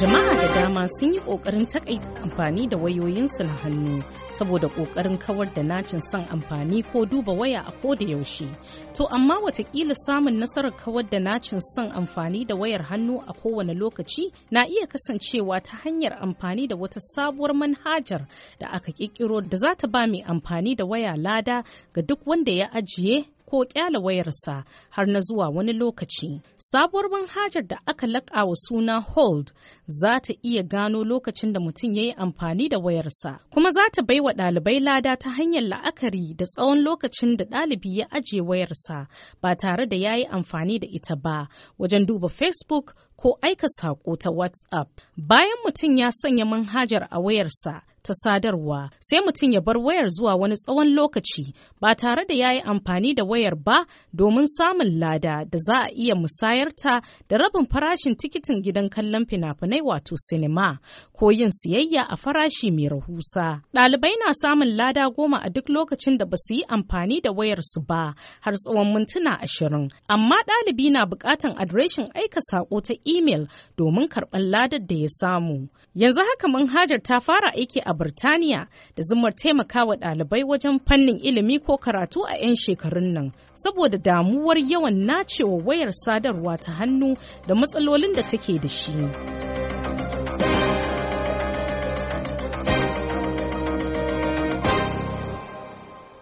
jama'a da dama sun yi kokarin takaita amfani da wayoyinsu na hannu saboda kokarin kawar da nacin son amfani ko duba waya a koda yaushe to amma watakila samun nasarar kawar da nacin son amfani da wayar hannu a kowane lokaci na iya kasancewa ta hanyar amfani da wata sabuwar manhajar da aka kirkiro da za ta ba mai amfani da waya lada ga duk wanda ya ajiye ko kyala wayarsa har na zuwa wani lokaci. Sabuwar manhajar da aka laƙa wa suna Hold za ta iya gano lokacin da mutum ya yi amfani da wayarsa, kuma za ta bai wa ɗalibai lada ta hanyar la'akari da tsawon lokacin da ɗalibi ya ajiye wayarsa ba tare da ya yi amfani da ita ba wajen duba Facebook ko aika saƙo ta WhatsApp. Bayan mutum ya sanya manhajar a wayarsa, ta sadarwa sai mutum ya bar wayar zuwa wani tsawon lokaci ba tare da ya yi amfani da wayar ba domin samun lada da za a iya musayarta da rabin farashin tikitin gidan kallon fina-finai wato sinima ko yin siyayya a farashi mai rahusa. Ɗalibai na samun lada goma a duk lokacin da ba su yi amfani da wayar su ba har tsawon mintuna ashirin amma ɗalibi na buƙatan adireshin aika saƙo ta imel domin karɓar ladar da ya samu. Yanzu haka manhajar ta fara aiki a Birtaniya da zumar wa ɗalibai wajen fannin ilimi ko karatu a 'yan shekarun nan saboda damuwar yawan nacewa wayar sadarwa ta hannu da matsalolin da take da shi.